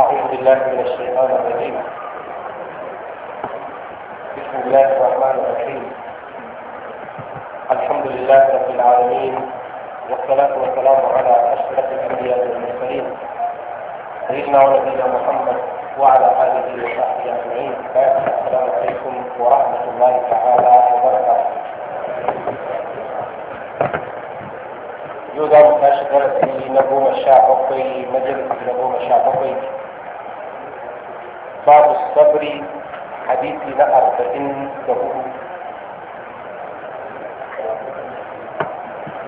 أعوذ بالله من الشيطان الرجيم بسم الله الرحمن الرحيم الحمد لله رب العالمين والصلاة والسلام على أشرف الأنبياء والمرسلين سيدنا ونبينا محمد وعلى آله وصحبه أجمعين السلام عليكم ورحمة الله تعالى وبركاته yau za في نظوم الشعب na مجلس sha الشعب majalis باب الصبر حديثي لا أربعين دهور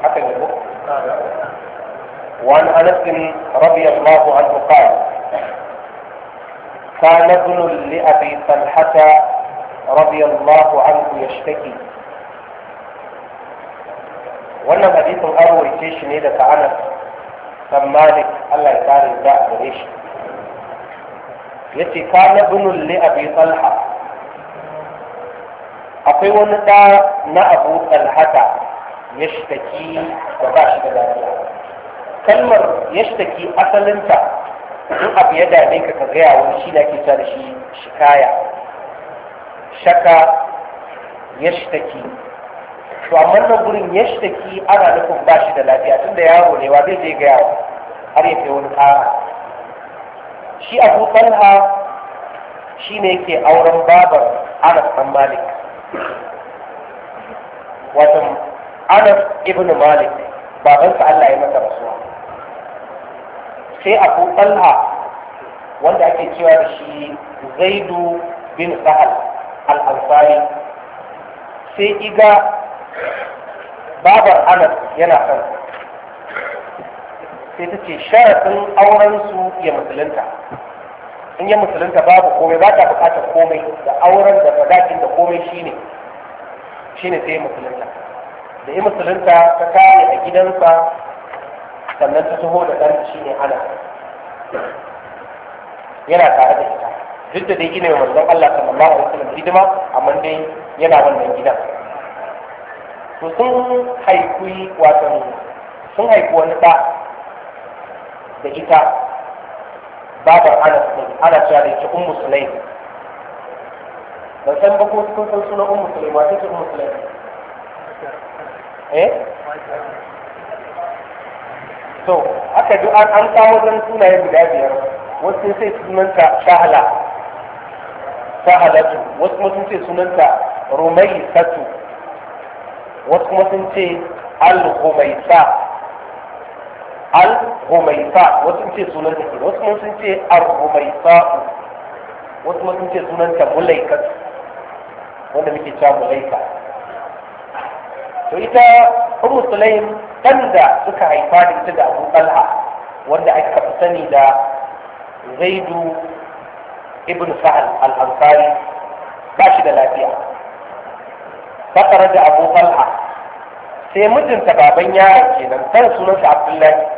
حتى وعن أنس رضي الله عنه قال كان ابن لأبي طلحة رضي الله عنه يشتكي وانا حديث an shi ne daga anas dan malik allah ya kare yace kana bunul li abi talha akwai wani da na abu talhata yashtaki da ba shi da lafiya kalmar ya yashtaki asalinta in abu ya dame ka ka gaya wani shi da ke sa da shi shikaya shaka ya yashtaki to amma nan gurin yashtaki ana nufin ba shi da lafiya tunda yaro ne wa zai je gaya har ya kai wani kara shi abu talha shi ne ke auren babar anas ɗan malik wato anas ibn malik babansa allah ya masa rasuwa sai abu talha wanda ake cewa da shi zaidu bin sahal al-ansari sai iga babar anas yana son sai ta ce sharafin aurensu ya musulunta in yi musulunta babu komai ba ta bukatar komai da auren da fadakin da komai shine shine sai musulunta da yi musulunta ta kare a gidansa sannan ta taho da ɗan shine ana yana tare da ita duk da dai gina yi manzon Allah sallallahu alaihi wasallam hidima amma dai yana wannan gidan to sun haiku wato sun haiku wani ba da ita babar ana cewa da ita ummu sulaim ban san ba ko kun san sunan ummu sulaim wata ce ummu sulaim eh to aka ji an an kawo dan sunaye guda biyar wasu sai sunanta shahala shahalatu wasu kuma sun ce sunanta rumaisatu wasu kuma sun ce al-humaisa al-humaisa wasu ce sunan ta wasu mun sun ce al-humaisa wasu sun ce sunan ta mulaika wanda muke cewa mulaika to ita ummu sulaim dan da suka haifa da ita da abu talha wanda aka fi sani da zaidu ibn sa'al al-ansari ba shi da lafiya ta da abu talha sai mijinta baban yaron kenan kan sunansa abdullahi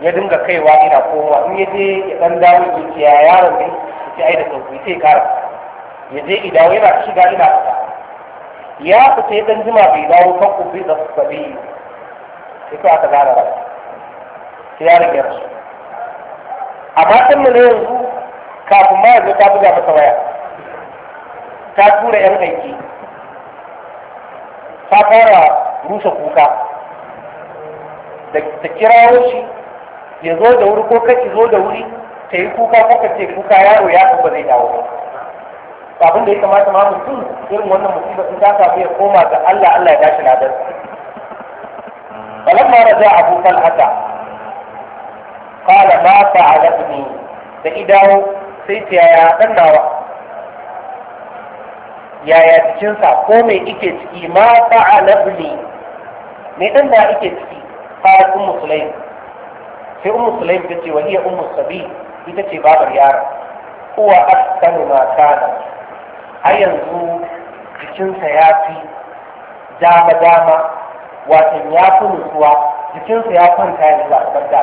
ya dinga kaiwa ina kowa in ya je ya dan dawo ya ya yaron ne ya ai da sauki sai kara ya je idawo yana shiga ina fita ya fita ya dan jima bai dawo kan ku bai da sabbi sai ko aka gane ba sai ya rage shi amma kan mu ne yanzu kafin ma yanzu ta buga masa waya ta tura yan aiki ta fara rusa kuka da kirawo shi ya zo da wuri ko kaki zo da wuri ta yi kuka ko ka ce kuka yaro ya ba zai dawo ba abin da ya kamata ma mutum irin wannan musibar sun ta samu ya koma ga Allah Allah ya dashi ladar za a abu talhata qala ma fa'alani da idawo sai ta yaya dan nawa yaya cikinsa ko mai ike ciki ma fa'alani me dan da ike ciki fa kun musulai sai ummu sulaim ta ce wa iya ummu sabi ita ce babar yaron huwa aktanu ma kana har yanzu jikinsa ya fi dama dama watan ya fi nutsuwa jikinsa ya kwanta yanzu a kamar da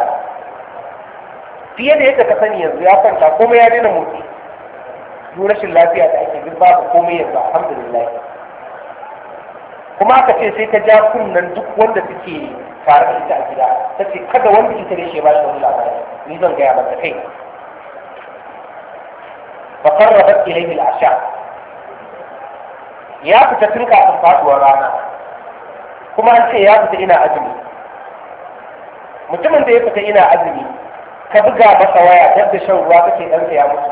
fiye da yadda ka sani yanzu ya kwanta komai ya daina motsi duk rashin lafiya da ake girba babu komai yanzu alhamdulillah kuma aka ce sai ka ja kunnen duk wanda suke tare da ita a gida ta ce kada wanda ita ne shi ba shi wani labari ni zan gaya mata kai fa qarrabat ilayhi al-asha ya fita tun kafin faduwar rana kuma an ce ya fita ina azumi mutumin da ya fita ina azumi ka buga masa waya yadda shan ruwa kake ɗansa ya mutu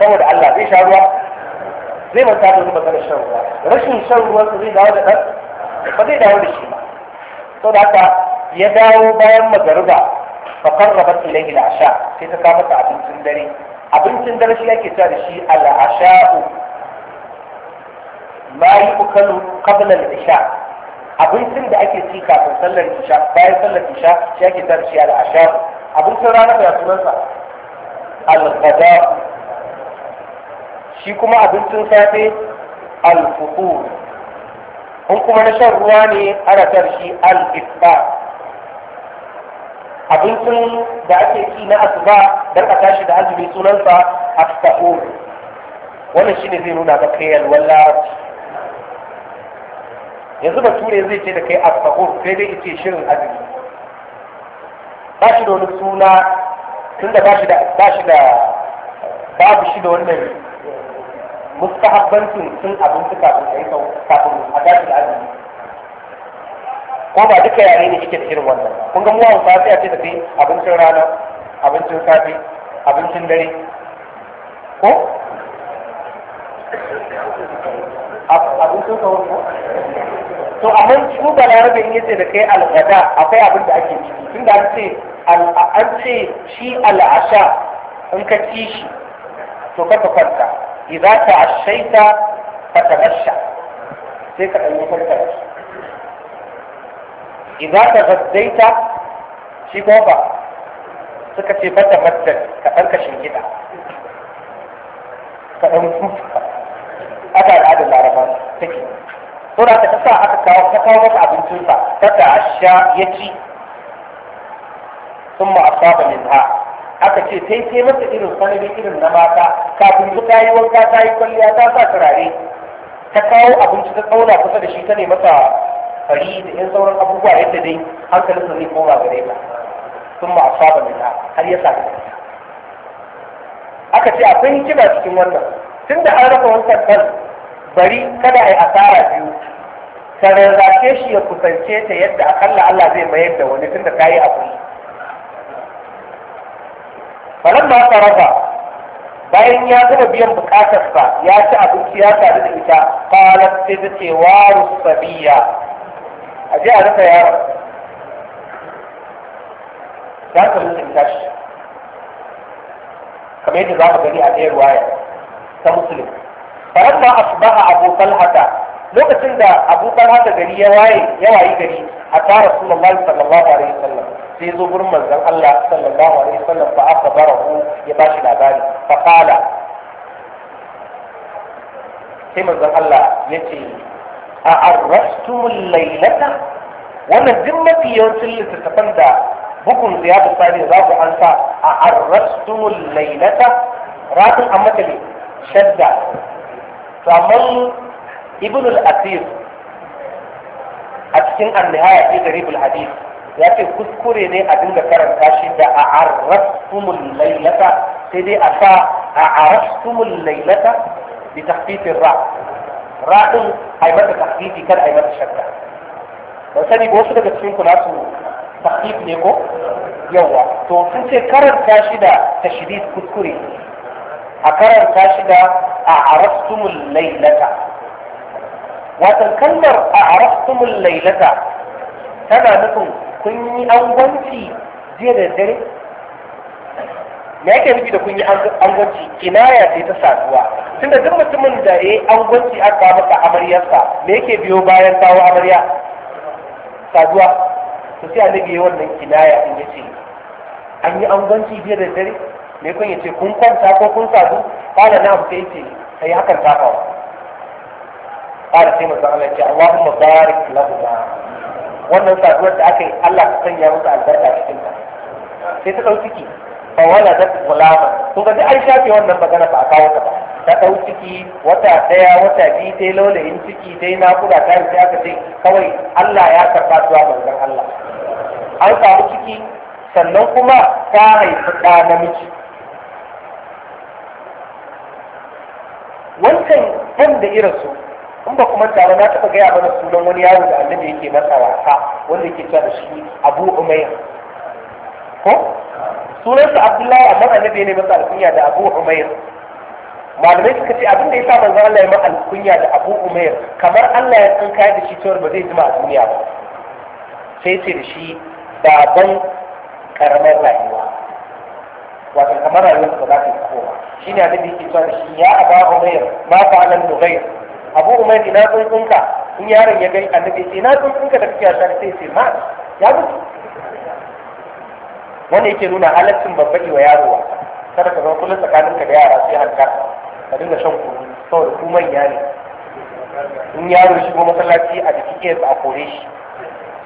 saboda Allah zai sha ruwa zai manta da zuba maganar shan ruwa rashin shan ruwan zai dawo da ɗan ba zai dawo da shi ba to da haka ya dawo bayan magariba fa qarrabat ilayhi al-asha sai ta kawo masa abincin dare abincin dare shi yake cewa da shi al-asha'u ma yukalu qabla al-isha abincin da ake ci kafin sallar isha bayan sallar isha shi yake cewa da shi al-asha abincin rana da sunansa al-ghada shi kuma abincin safe al-futur in kuma na shan ruwa ne ana tar shi al-ifba abincin da ake ci na asuba dan a tashi da azumi sunansa aftahur wannan shine zai nuna ga yalwar larabci yanzu bature zai ce da kai aftahur sai dai ce shirin azumi ba shi da wani suna tunda ba shi da babu shi da wannan mustahabbancin cin abinci kafin kai sau kafin a dace da azumi ko ba duka yare ne yake da irin wannan kun ga mu hausa sai a ce da kai abincin rana abincin safe abincin dare ko abincin sahur ko to amma su ba larabe in yace da kai al'ada akwai abin da ake ciki tunda an ce an ce shi al'asha in ka ci shi to ka kwanta إذا تعشيت فتمشى سيكت أن يكون تمشى إذا تغديت شكوبا سكت فتمثل كفلك شنكتا فأمسوس أتى العدد العربة تكين هنا تقصى أتكا وفتاوك أبن تنسى تتعشى يتي ثم أصاب منها aka ce sai sai masa irin sanadi irin na mata kafin su ta yi wanka ta yi kwalliya ta sa turare ta kawo abinci ta tsauna kusa da shi ta ne masa fari da yan sauran abubuwa yadda dai hankalinsa zai koma gare ta sun ma asaba ta har ya sami aka ce akwai kiba cikin wannan tun da an rufe wankan kan bari kada a yi asara biyu ka rarrashe shi ya kusance ta yadda akalla Allah zai mayar da wani tun da ka yi abu faran ba ta rasa bayan ya gama biyan bukatarsa ya ci abinci ya sadu da ita qalat sai ta ce wa rusabiya a je a rasa yaron za ka mutunta shi kamar yadda za mu gani a ɗaya ruwaya ta musulun faran ma a abokan talhata lokacin da abokan talhata gari ya waye ya wayi gari a tara sallallahu alaihi wasallam sai zo gurin manzon Allah sallallahu alaihi wasallam fa aka akhbarahu ya bashi labari fa qala sai manzon Allah ya ce a arrastumul lailata wannan duk mafi yawancin littattafan da bukun ya ziyadu sani za ku an sa a arrastumul lailata ratun a matali shadda to amma ibn al-asir a cikin an-nihaya fi garibul hadith ya ce kuskure ne a dinga karanta shi da a arrastumul lailata sai dai a sa a arrastumul lailata bi tahfifin ra ra din a yi mata tahfifi kada a yi mata shakka ban sani ba wasu daga cikin ku nasu tahfif ne ko yawa to sun ce karanta shi da tashdid kuskure a karanta shi da a arrastumul lailata watan kalmar a arrastumul lailata tana nufin kun yi angwanci jiya da dare me yake nufi da kun yi angwanci kinaya ce ta saduwa tunda duk mutumin da ya yi angwanci aka masa amaryarsa me yake biyo bayan kawo amarya saduwa to sai annabi ya wannan kinaya in yace an yi angwanci jiya da dare me kun yace kun kwanta ko kun sadu kana na abu sai ce sai hakan ta kawo قال سيما الله اللهم بارك لهما wannan saduwar da aka yi Allah ka sanya musu albarka cikin ta sai ta ɗau ciki fa wala da gulama to ga dai an shafe wannan magana ba a kawo ta ba ta ɗau ciki wata ɗaya wata biyu sai lola in ciki Sai na nakuda ta yi aka ce kawai Allah ya karba zuwa manzon Allah an samu ciki sannan kuma ta haifi ɗa namiji wancan ɗan da irin su. in ba kuma tare na taɓa gaya mana sunan wani yaro da annabi yake masa wasa wanda yake cewa da shi abu umayya ko sunansa abdullahi amma annabi ne masa alkunya da abu umayya malamai suka ce abin da ya manzo Allah ya masa alkunya da abu umayya kamar Allah ya san kai da shi cewa ba zai jima a duniya ba sai ce da shi baban karamar rayuwa wato kamar rayuwarsa ba za ta yi kowa shine annabi yake cewa da shi ya aba umayya ma fa'alan nughayr abu umar ina tsuntsunka in yaron ya gani annabi ce ina tsuntsunka da kake shar sai ce ma ya mutu wanda yake nuna halaccin babbaɗi wa yaro wa kada ka zama kullum tsakaninka da yara sai harka ka dinga shan kuru saboda ku manya ne in yaro shigo masallaci a jiki ke a kore shi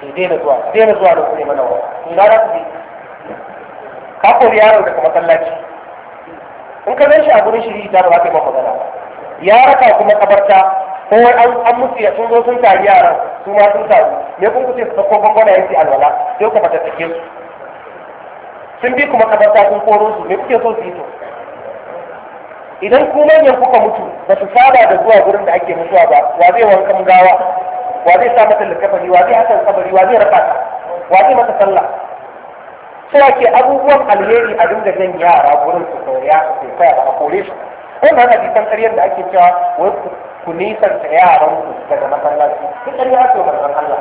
sai daina zuwa daina zuwa da kuɗi mana wa in ina ku je ka kori yaro daga masallaci in ka zai shi a gurin shiri da ba za ka yi magana ba ya raka su makabarta ko an musu ya sun zo sun tari yaran su ma sun taru me kun kuce su sako gwangwana yanki alwala sai ku fata take su sun bi kuma kabarta sun koro su me kuke so su yi to idan ku manyan kuka mutu ba su saba da zuwa gurin da ake mutuwa ba wa zai wanka mu gawa wa zai sa mata likafani wa zai haka kabari wa zai rafa wa zai mata sallah sai ake abubuwan alheri a dinga jan yara gurin su koya su kai ba a kore su wannan hadisan ƙaryar da ake cewa wai ku nisanta yaran ku daga masallaci duk ƙarya ce manzon Allah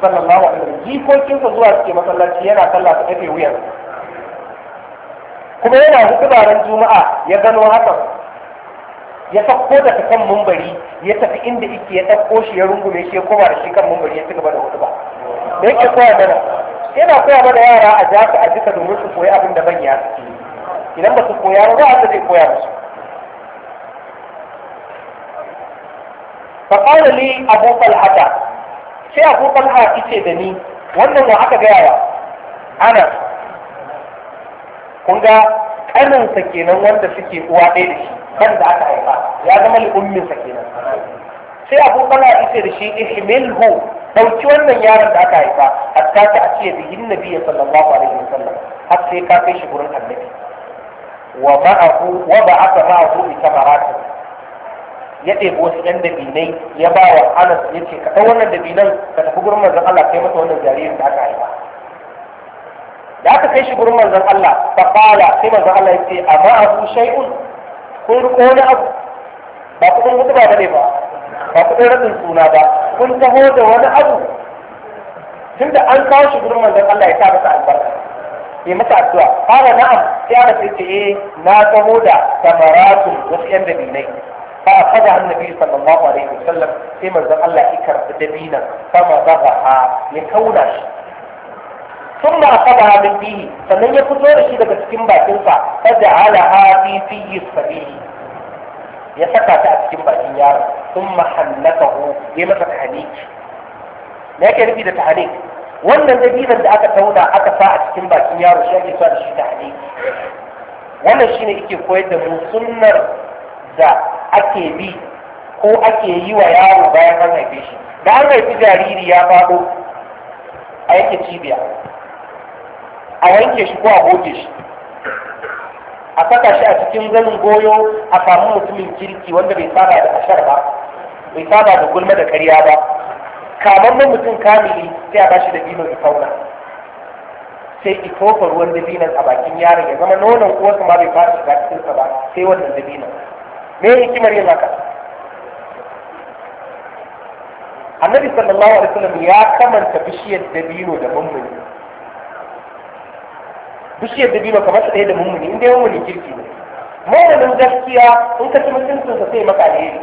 sallallahu alaihi wasallam jikokin sa zuwa suke masallaci yana sallah ta kafe wuyan kuma yana hutuba ran juma'a ya gano hakan ya sako daga kan mumbari ya tafi inda yake ya ɗauko shi ya rungume shi ya koma da shi kan mumbari ya ci gaba da hutuba da yake koya mana yana koya mana yara a jaka a jika domin su koyi abin da manya suke idan ba su koya ba za a zai koya musu fa qala li abu talha sai abu talha yace da ni wannan wa aka gaya wa ana kun ga kaninsa kenan wanda suke uwa ɗaya da shi kan da aka haifa ya zama kenan sai abu talha ita da shi ihmilhu dauki wannan yaron da aka haifa hatta ta a da bihin nabi sallallahu alaihi wasallam har sai ka kai shi gurin annabi wa ma'ahu wa ba'atha ma'ahu bi tamaratin ya ɗebi wasu ɗan dabinai ya ba wa anas ya ce ka ɗau wannan dabinan ka tafi gurin manzon Allah kai masa wannan jaririn da aka haifa da aka kai shi gurin manzon Allah fa qala sai manzon Allah ya ce amma abu shay'un kun riko wani abu ba kuɗin hudu ba bane ba ba kuɗin raɗin suna ba kun taho da wani abu tunda an kawo shi gurin manzon Allah ya sa masa albarka yi masa addu'a fara na'am sai aka ce eh, na taho da samaratun wasu yan dabinai فأخذها النبي صلى الله عليه وسلم في مرزق الله إكر بدمينا فمضغها لكونش ثم أخذها من فيه فمن يكتور إذا بسكن باكنسا فجعلها في فيه السبيل ya saka ta a cikin bakin yaro sun mahallaka ko ya masa tahanik me yake nufi da tahanik wannan dabinan da aka tauna aka sa a cikin bakin yaro shi ake sa da shi tahanik wannan shine yake koyar da mu sunnar da ake bi ko ake yi wa yaro bayan an haife shi da an haifi jariri ya faɗo a yanke cibiya a yanke shi ko a goge shi a saka shi a cikin zanin goyo a samu mutumin kirki wanda bai saba da ashar ba bai saba da gulma da karya ba kamar mutum kamili sai a bashi da bino fauna. sai itofa ruwan dabinan a bakin yaron ya zama nonon uwarsa ma bai fara shiga cikinsa ba sai wannan dabinan me kimar yin haka annabi sallallahu alaihi wasallam ya kamanta bishiyar dabino da mummuni bishiyar dabino kamar ta ɗaya da mummuni inda yawan wani kirki ne mummunin gaskiya in ka ci mutuncinsa sai maka alheri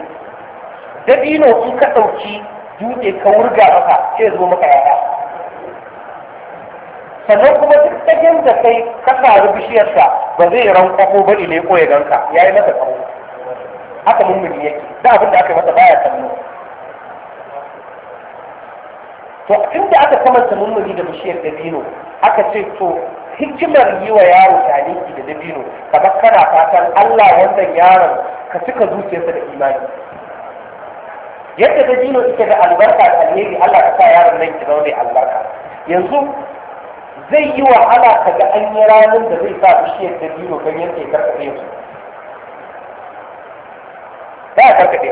dabino in ka ɗauki dutse ka wurga maka sai zo maka yaya sannan kuma duk tsakiyar da kai ka faru bishiyarsa ba zai ran kwafo ba ne ko ya ganka ya yi masa tsawo haka mummuni ne da abin da aka yi masa baya sannu to inda aka kamanta mummuni da bishiyar dabino aka ce to hikimar yi wa yaro taliki da dabino kamar kana fatan Allah wannan yaron ka cika zuciyarsa da imani yadda dabino ita da albarka da alheri Allah ka sa yaron nan ki zaune albarka yanzu zai yi wahala ka ga an yi ranar da zai sa bishiyar dabino ganyen ta ya su ba a karkaɗe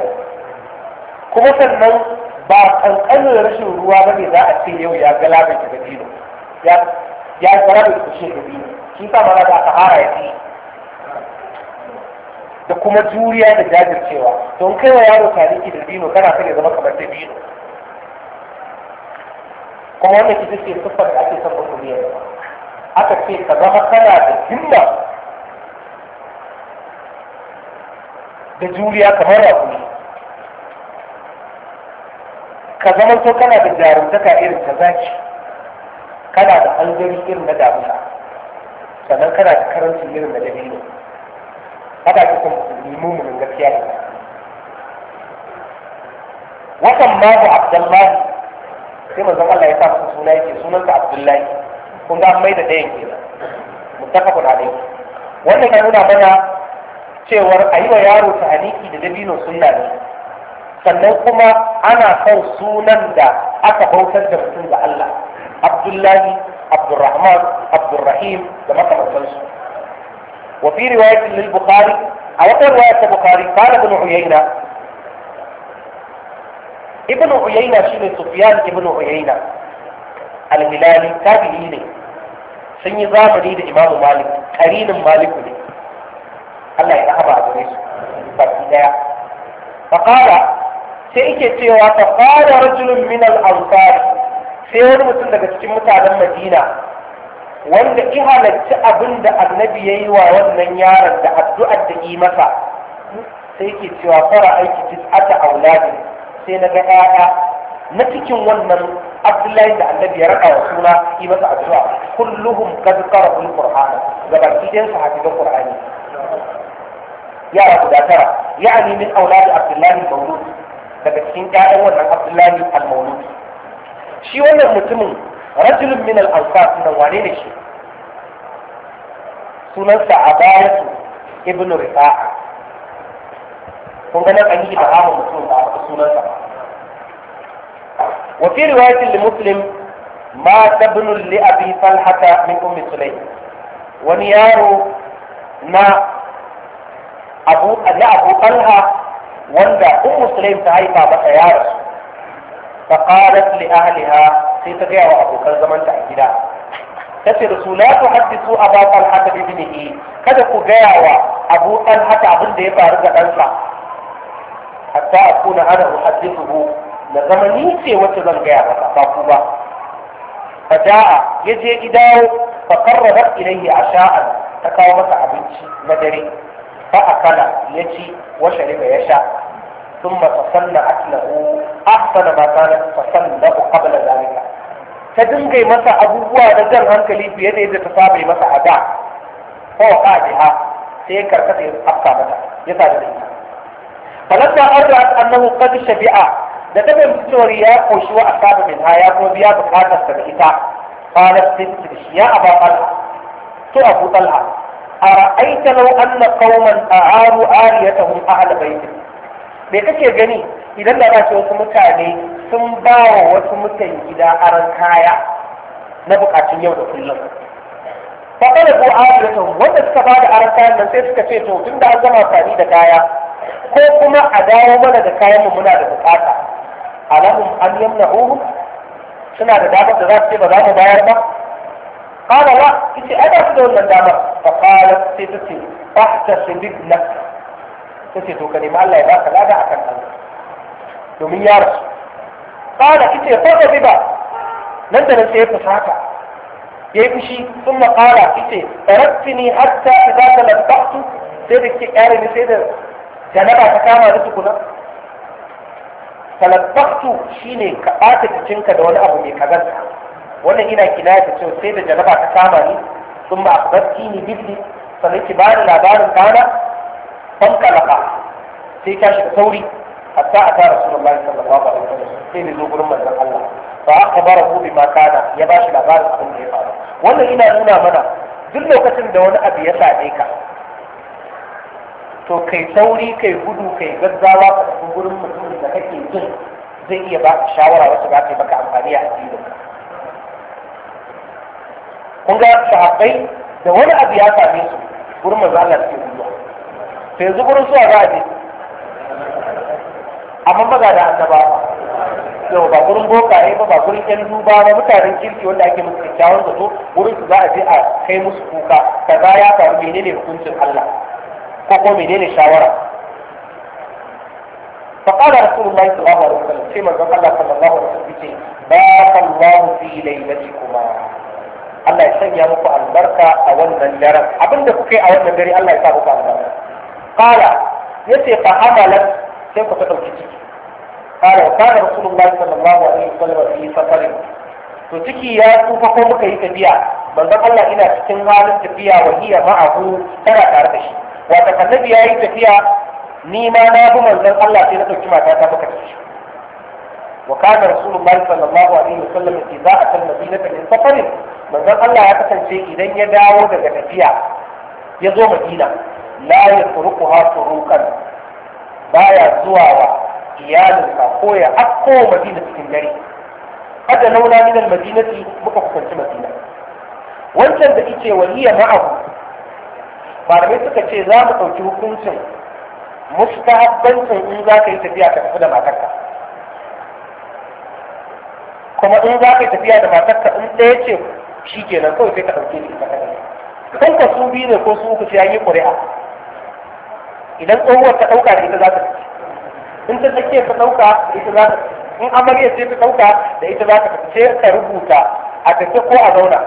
kuma sannan ba kankanin rashin ruwa ba ne za a ce yau ya galaba ta dabino ya ya zara da kushe dabino sun sa mana da sahara ya ce da kuma juriya da jajircewa don kai wa yaro tariki da dabino kana ta ne zama kamar dabino kuma wanda ki ce tuffar da ake son mutum ya aka ce ka zama kana da himma da juriya kamar rafi ka zama so kana da jarumtaka irin ta zaki kana da hanzari irin na damuwa. sannan kana da karanci irin na dabino haka ki san mummunin gaskiya ne watan mabu abdullahi sai manzon Allah ya sa masa suna yake sunan sunansa abdullahi kun ga mai da ɗayan kenan mutakafun alaihi wannan ya nuna mana cewar a yi wa yaro ta aliki da dabino sunna ne sannan kuma ana son sunan da aka bautar da mutum da Allah Abdullahi Abdurrahman Abdurrahim da makamantansu wa fi riwayatin lil Bukhari a wata riwayar ta Bukhari kana ibn Uyayna ibn Uyayna shine Sufyan ibn Uyayna al-Hilali tabi'i ne sun yi zamani da Imam Malik karinin Malik ne Allah ya rahaba a gare su baki daya faqala sai yake cewa ta fara rajulun min al ansar sai wani mutum daga cikin mutanen Madina wanda i halarci abin da annabi ya yi wa wannan yaron da addu'ar da yi masa sai yake cewa fara aiki tis'ata auladin sai na ga 'ya'ya na cikin wannan abdullahi da annabi ya raka wa suna yi masa addu'a kulluhum qad qara'u al-qur'ana gabaki ɗayan sahabi da qur'ani yara guda tara yani min aulad abdullahi maulud daga cikin ƴaƴan wannan abdullahi al-maulud shi wannan mutumin rajulun min al-ansar sunan wane ne shi sunansa abayatu ibnu rifa'a kun ga nan an yi ibhama mutum ba a sunansa ba wa fi riwayatin li muslim ma tabnu li abi talhata min ummi sulaym wani yaro na abu na abu talha wanda um musulaim ta haifa masa yaro fa qalat li ahliha sai ta gaya wa abokan zamanta a gida ta ce da su la tuhaddisu aba talha ta kada ku gaya wa abu talha abin da ya faru ga ɗansa hatta akuna ana ku na zama ni ce wacce zan gaya masa ba ku ba fa da'a yaje gidawo fa qarrabat ilayhi sha'an ta kawo masa abinci na dare فأكل يجي وشرب يشاء ثم تصنعت له أحسن ما كانت تصنع قبل ذلك ta dinga masa abubuwa na jan hankali fiye da yadda ta saba yi masa a da ko wa sai ya karkata ya afka da ita shabi'a da ta fahimci cewa ya koshi wa asaba min haya ko kuma biya bukatar sa da ita qalat shi ya aba talha to abu talha أرأيت لو أن قوما أعاروا آليتهم أهل بيتك me kake gani idan da bashi wasu mutane sun ba wa wasu mutan gida aran kaya na bukatun yau da kullum fa kana ko ayyukan wanda suka ba da aran kayan nan sai suka ce to tun da an gama da kaya ko kuma a dawo mana da kayan muna da bukata alahum an yamnahu suna da damar da za su ce ba za mu bayar ba قال لا ta أنا في دولة دامة فقالت سيدتي فاحتسب ابنك Allah ya ba الله يباك لا دعك الله domin ya rasu kada ki ce farka biba nan da nan sai ya fusata ya yi fushi sun makara ki ce har hatta fi za ta sai da ke ƙyare ni sai da janaba ta kama da shine ka ɓata jikinka da wani abu mai kazanta wannan ina kina ta cewa sai da jaraba ta kama ni sun ba akbarci ni bibbi sannan ki bani labarin kana ban kalaka sai ka shiga sauri hatta a ta rasulullahi sallallahu alaihi wasallam sai da zo gurin manzon Allah fa gobe bima kana ya ba shi labarin abin da ya faru wannan ina nuna mana duk lokacin da wani abu ya same ka to kai sauri kai gudu kai gaggawa ka tafi gurin mutumin da kake jin zai iya ba shawara wasu ba ta baka amfani a addinin ka kun ga sahabbai da wani abu ya same su gurin manzo Allah suke zuwa Sai yanzu gurin suwa za a je amma maza da annaba yau ba gurin bokaye ba ba gurin yan duba ba mutanen kirki wanda ake musu kyakkyawan zato gurin su za a je a kai musu kuka za ya faru menene hukuncin Allah ko ko menene shawara فقال رسول الله صلى الله عليه وسلم فيما قال الله صلى الله عليه وسلم بارك الله في ليلتكما Allah ya sanya muku albarka a wannan daren abinda kuka yi a wannan dare Allah ya sa muku albarka qala yace fa hamalat sai ku ta dauki ciki qala wa kana rasulullahi sallallahu alaihi wasallam fi safarin to ciki ya tsufa ko muka yi tafiya manzon Allah ina cikin halin tafiya wa hiya ma'ahu tana tare da shi wata annabi ya yi tafiya ni ma na bi manzon Allah sai na dauki ta muka tafi وكان رسول الله صلى الله عليه وسلم إذا أتى safarin. من سفر manzon Allah ya kasance idan ya dawo daga tafiya ya zo Madina la yatrukuha surukan baya zuwa wa iyalinsa ko ya akko Madina cikin dare kada launa min al-madinati muka kusanci Madina wancan da yake waliya ma'ahu malamai suka ce za mu ɗauki hukuncin mustahabbancin in za ka yi tafiya ka tafi da matarka kuma in za ka yi tafiya da matarka in ɗaya ce shi kenan kawai sai ka ɗauke shi ka kan ka su biyu ne ko su uku sai an yi ƙuri'a idan tsohuwar ta ɗauka da ita za ta in ta ke ta ɗauka da ita za ta in amarya sai ta ɗauka da ita za ta sai ka rubuta a tafi ko a zauna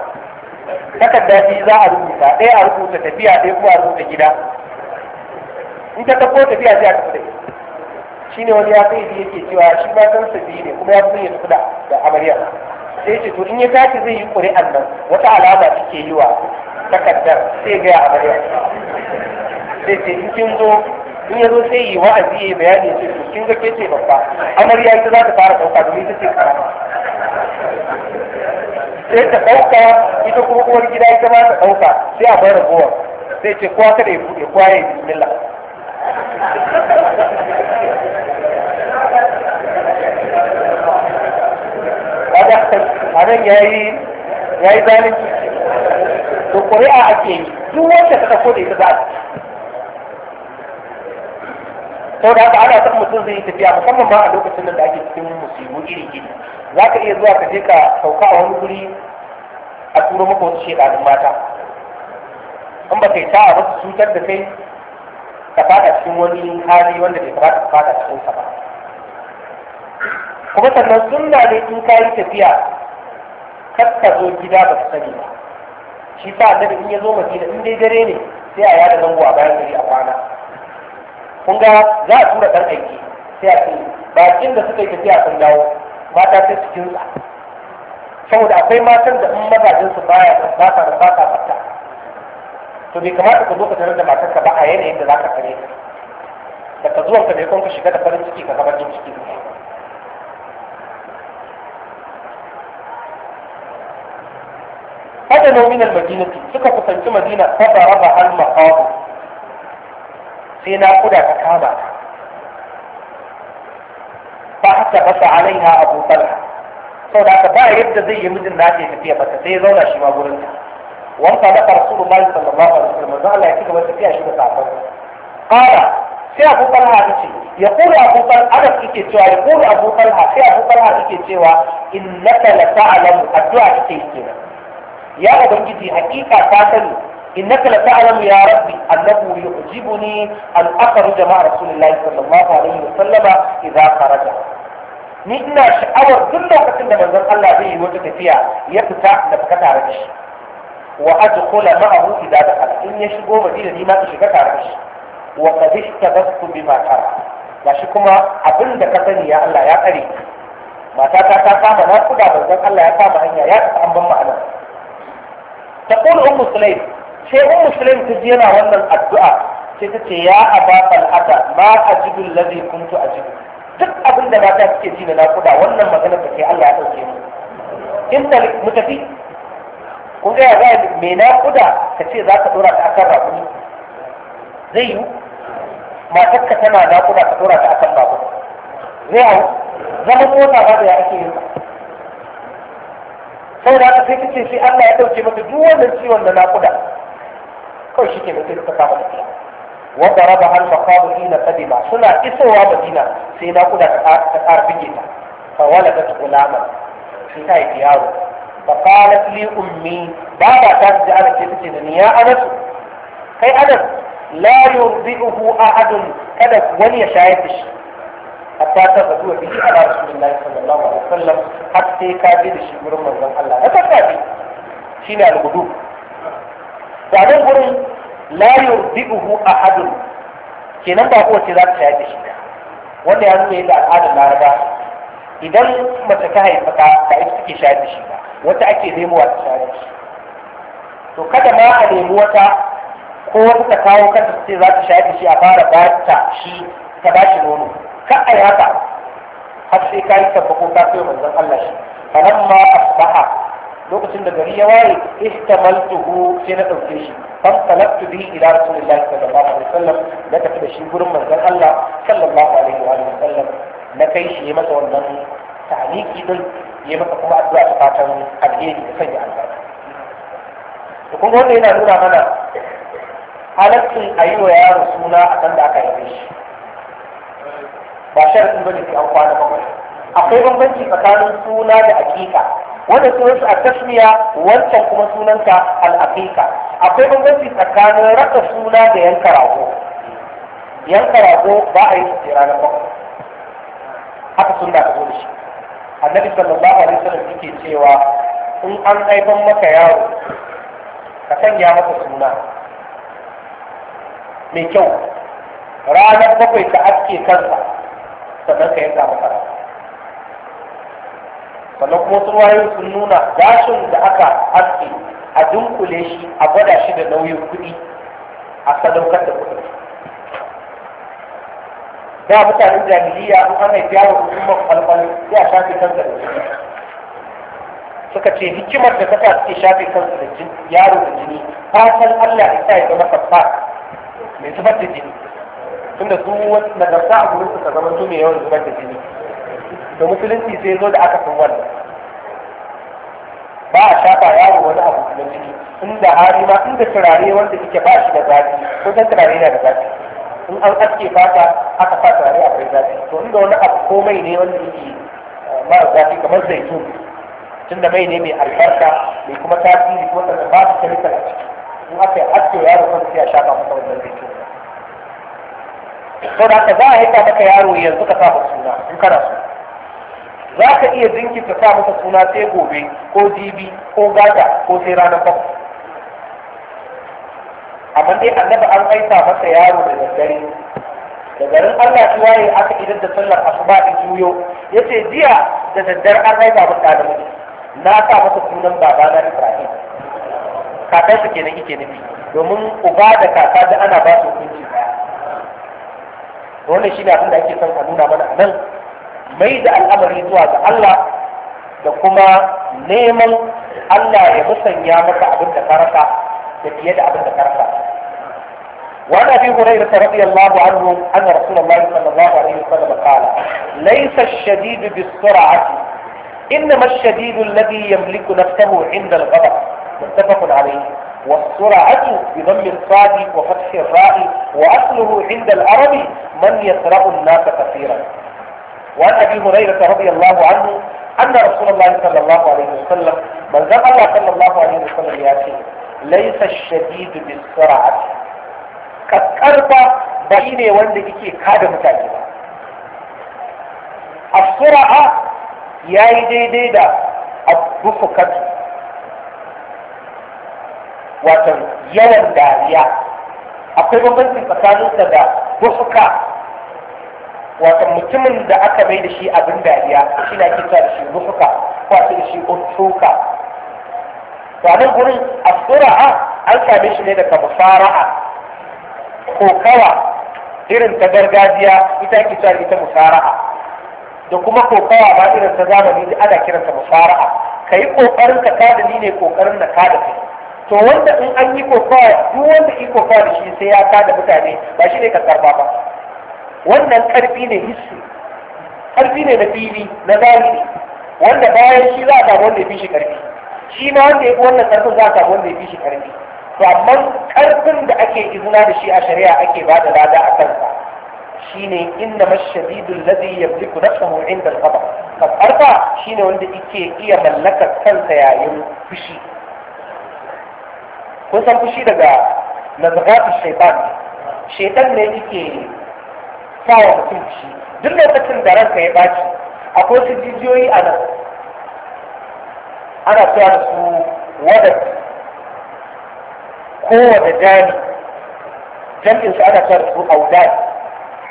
takarda biyu za a rubuta ɗaya a rubuta tafiya ɗaya kuma a rubuta gida in ta ɗauko tafiya sai a tafi da ita shine wani ya sai yake cewa shi ma kansa biyu ne kuma ya fi ya tafi da amarya sai ce to in ya tashi zai yi ƙuri'an nan wata alama suke yi wa takardar sai gaya a bariya sai ce in kin zo in ya zo sai yi wa'azi ya bayani ce to kin ga ke ce babba amarya ita za ta fara ɗauka domin ita ce karama sai ta ɗauka ita kuma uwar gida ita ma ta ɗauka sai a bar ragowar sai ce kowa kada ya buɗe kowa ya yi bismillah a ya yi zalunci to ƙuri'a ake yi duk wanda ta ɗauko da ita za a sau da haka ana son mutum zai yi tafiya musamman ma a lokacin nan da ake cikin musibu iri iri za ka iya zuwa ka je ka sauka a wani guri a turo maka wasu shekarun mata in ba kai sa'a ba su cutar da kai ka fada cikin wani hali wanda bai kamata ka fada cikin sa ba kuma sannan sunna ne in ka yi tafiya kar zo gida ba su sani ba shi sa annabi in ya zo madina in dai dare ne sai a yada zango a bayan gari a kwana kun ga za a tura ɗan aiki sai a ce bakin da suka yi tafiya sun dawo mata sai su kinsa saboda akwai matan da in mazajen su baya ba sa ba sa fata to bai kamata ka zo ka tarar da ka ba a yanayin da za ka tare ka. daga zuwanka ne kun ka shiga da farin ciki ka gabatin ciki kada na min almadinati suka kusanci madina fa raba al maqam sai na kuda ta kama ta fa hatta basa alaiha abu talha saboda haka ba yadda zai yi mijin da ake tafiya ba sai ya zauna shi ma gurin ta wanka da rasulullahi sallallahu alaihi wasallam zan Allah ya cigaba tafiya shi da sabon qala sai Abu Talha ya ce ya kula Abu Talha ana yake cewa ya kula Abu Talha sai Abu Talha yake cewa innaka la ta'lamu addu'a take kenan ya ubangiji hakika ta sani innaka la ta'lamu ya rabbi annahu yu'jibuni an akhruja ma'a rasulillahi sallallahu alaihi wa sallama idza kharaja ni ina sha'awar duk lokacin da manzon Allah zai yi wata tafiya ya fita da fita tare da shi wa adkhula ma'ahu idza dakhala in ya shigo madina ni ma ka shiga tare da shi wa qad ihtadastu bima tara gashi kuma abin da ka sani ya Allah ya tsare matata ta kama na kuda manzon Allah ya kama hanya ya tafi an ban ma'ana تقول أم سليم شيء أم سليم تجينا وانا الدعاء تتتي يا أبا الأتى ما أجد الذي كنت أجد duk abin da mata suke ji na nakuda wannan magana ta ke Allah ya ɗauke mu in ta mutafi kun ga ya mai nakuda ka ce za ka ɗora ta akan rakuni zai yi matarka tana nakuda ka ɗora ta akan rakuni zai hau zaman mota ba da ya ake yi. sai da sai kace sai Allah ya dauke mata duk wannan ciwon da nakuda kawai shi ke da sai suka kama da wa daraba hal maqabu ina qadima suna isowa madina sai nakuda ta ta bige ta fa waladat ulama sai ta yi yaro fa qalat li ummi baba ta ji ana ce tace da ni ya anas kai anas la yurdihu ahadun kada wani ya shayar da shi hatta ta zabu bi ala rasulullahi sallallahu alaihi wasallam har sai ka je da shi gurin manzon Allah na tattabi shine al-gudu da nan gurin la yurdihu ahadun kenan ba kowace za ta shayar da shi wanda ya nuna yadda al'adar laraba idan mace ta haifa ka ba ita take shayar da shi ba wata ake nemo ta shayar da shi to kada ma a nemi wata ko wata ta kawo kanta ce za ta shayar da shi a fara ba ta shi ta ba shi nono ka a haka har sai ka yi ko ka kai manzon Allah shi falamma asbaha lokacin da gari ya waye istamaltuhu sai na dauke shi fam talabtu bihi ila rasulillahi sallallahu alaihi wasallam da tafi da shi gurin manzon Allah sallallahu alaihi wa sallam na kai shi masa wannan taliki din ya masa kuma addu'a ta fatan alheri da sanya albarka to kun wannan yana nuna mana halaccin a yi wa yaro suna a kan da aka yi shi ba ba ne sai an kwana bakwai akwai bambanci tsakanin suna da aƙiƙa. wanda sunan su a tasmiya wancan kuma sunanta al'aƙiƙa. akwai bambanci tsakanin raka suna da yanka rago yanka rago ba a yi su ranar bakwai haka sunna ta zo da shi annabi sallallahu alaihi wasallam yake cewa in an aifan maka yaro ka sanya masa suna mai kyau ranar bakwai ka aske kansa sannan ka yanka maka rana sannan kuma wasu ruwayoyi sun nuna gashin da aka haske a dunkule shi a gwada shi da nauyin kuɗi a sadaukar da kuɗi da mutanen jahiliya an ana gyara hukumar kwalkwal ya shafe kansa da jini suka ce hikimar da ta suke shafe kansa da jini, yaro da jini fatan Allah ya sa ya zama kafa mai zubar da jini tunda su nagarta a gurin suka zama su mai yawan zubar da jini to musulunci sai zo da aka san wannan ba a shafa yaro wani abu na jini inda hari ma inda turare wanda suke ba shi da zafi ko ta turare na da zafi in an aske fata aka fata turare kai zafi to inda wani abu komai ne wanda yake eh, mara zafi kamar zaitun tunda mai ne mai albarka mai kuma tasiri ko da ba su kemikal a ciki in aka yi aske yaro kan sai a shafa masa wannan zaitun sau da za a haifa maka yaro yanzu ka sa suna in kana so za ka iya jinkirta sa masa suna sai gobe ko jibi ko gata ko sai ranar kwakwa amma dai annabi an haifa masa yaro da daddare da garin Allah shi waye aka idan da sallar ba in juyo Ya ce jiya da daddare an haifa masu da na sa masa sunan babana Ibrahim kakansa kenan yake nufi domin uba da kaka da ana ba su hukunci wannan shine abin da ake son a nuna mana a nan mai da al'amari zuwa ga Allah da kuma neman Allah ya musanya maka abin da ka rasa da fiye da abin da ka rasa وعن ابي هريره رضي الله عنه ان رسول الله صلى الله عليه وسلم قال ليس الشديد بالسرعه انما الشديد الذي يملك نفسه عند الغضب متفق عليه والسرعة بضم الصاد وفتح الراء وأصله عند العرب من يسرع الناس كثيرا وعن أبي هريرة رضي الله عنه أن رسول الله صلى الله عليه وسلم من ذكر الله صلى الله عليه وسلم يأتي ليس الشديد بالسرعة كالكربة بين والذي كاد متعجبا السرعة يا ديدا الضفكة wato yawan dariya akwai bambanci tsakaninsa da busuka wato mutumin da aka mai da shi abin dariya shi na kisa da shi busuka ko a da shi utsuka to a nan gurin a an same shi ne daga musara'a ko kawa irin ta gargajiya ita kisa ita musara'a da kuma kokawa ba irin ta zamani da ana kiransa musara'a ka yi kokarin ka da ni ne kokarin na kada kai to wanda in an yi kofa duk wanda yi kofa da shi sai ya kada mutane ba shi ne ka karba ba wannan karfi ne hissi karfi ne na fili na zahiri wanda bayan shi za a samu wanda ya fi shi karfi shi ma wanda ya fi wannan karfin za a samu wanda ya fi shi karfi to amma karfin da ake izina da shi a shari'a ake ba da lada a kansa ne inna mashadidu alladhi yamliku nafsahu inda al-ghadab karfa shine wanda yake iya mallakar kansa yayin fushi kun san fushi daga nazaratu shaitan shaitan ne yake sawa mutum fushi duk lokacin da ranka ya ɓaci akwai su jijiyoyi a nan ana cewa da su wadat kowane jani jam'in su ana cewa da su audan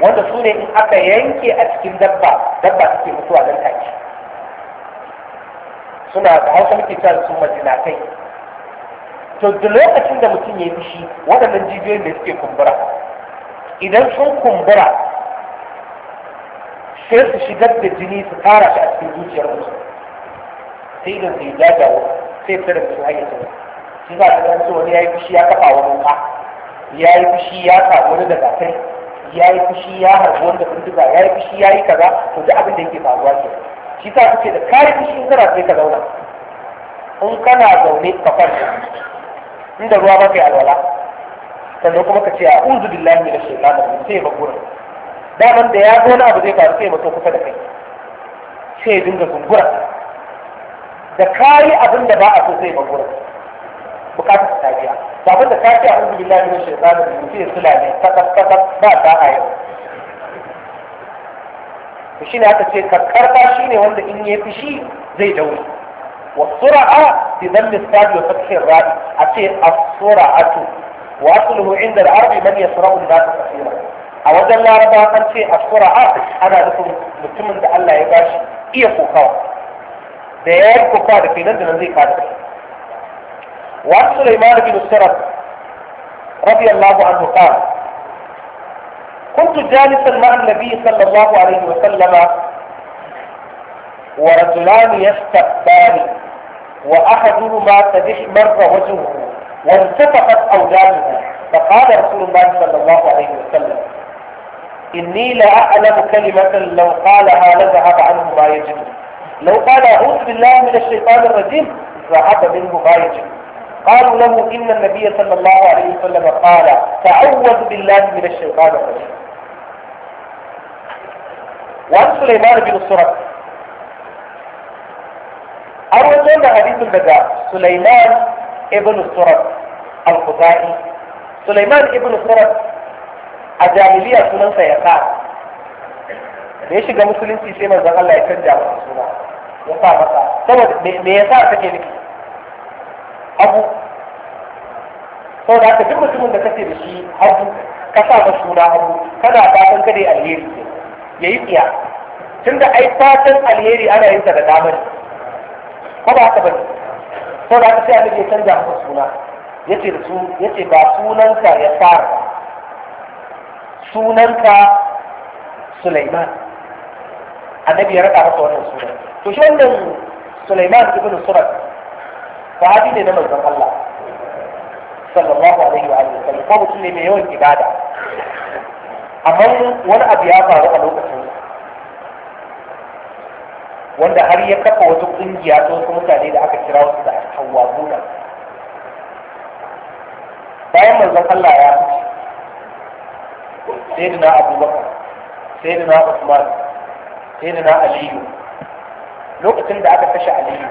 wanda su ne in aka yanke a cikin dabba dabba take mutuwa nan take suna da hausa muke cewa da su majinatai to da lokacin da mutum ya yi fushi waɗannan jijiyoyin da suke kumbura idan sun kumbura sai su shigar da jini su tara shi a cikin zuciyar musu sai idan sai jajawo sai fita daga cikin hayyacin shi za ka san wani ya yi fushi ya kafa wani wuka ya yi fushi ya kafa wani daga kai ya yi fushi ya harbi wani da bindiga ya yi fushi ya yi kaza to duk abin da yake faruwa ke shi sa suke da kare fushi in kana sai ka zauna in kana zaune ka farka inda ruwa ba yi alwala sannan kuma ka ce a uzu billahi da shekara da sai ba gurin daman da ya zo wani abu zai faru sai mato kusa da kai sai dinga zungura da kayi abin da ba a so sai ba gurin bukatar ta tafiya ba abin da ka a uzu billahi da shekara da sai ya ne kakakakak ba a ta'a yau shi ne aka ce karkarfa shi ne wanda in ya fi shi zai dauri والسرعة في ذنب الثاد وفتح الرأي أتي السرعة وأصله عند العرب من يسرع الناس كثيرا أود الله ربا أن تي السرعة أنا لكم متمند الله يباشي إيه فوقاو دير فوقاو في نزل نزي قادر وأن سليمان بن السرد رضي الله عنه قال كنت جالسا مع النبي صلى الله عليه وسلم ورجلان يستقبان وأحدهما قد احمر وجهه وانتفخت أودانها فقال رسول الله صلى الله عليه وسلم إني لأعلم كلمة لو قالها لذهب عنه ما يجب لو قال أعوذ بالله من الشيطان الرجيم ذهب منه ما يجب قالوا له إن النبي صلى الله عليه وسلم قال تعوذ بالله من الشيطان الرجيم وعن سليمان بن الصرخ an wato da hadisin daga Sulaiman ibn Surat al-Qudai Sulaiman ibn Surat a jahiliya sunansa ya sa da ya shiga musulunci sai manzon Allah ya canja masa suna ya sa masa saboda me ya yasa take niki abu saboda haka duk mutumin da kace da shi abu ka sa masa suna abu kana fatan kada alheri yayi tsiya tunda ai fatan alheri ana yin sa da damar ko ba haka bane ko da sai annabi ya canza masa suna yace da su yace ba sunanka ya tsara sunanka Sulaiman annabi ya rada masa wannan sunan to shi wannan Sulaiman ibn Surat sahabi ne na manzon Allah sallallahu alaihi wa alihi wasallam ko mutum ne mai yawan ibada amma wani abu ya faru a lokacin wanda har ya kafa wata kungiya ta wasu mutane da aka kira wasu da hawabuna bayan manzon Allah ya fice sai da na abubakar sai da na usman sai da na aliyu lokacin da aka kashe aliyu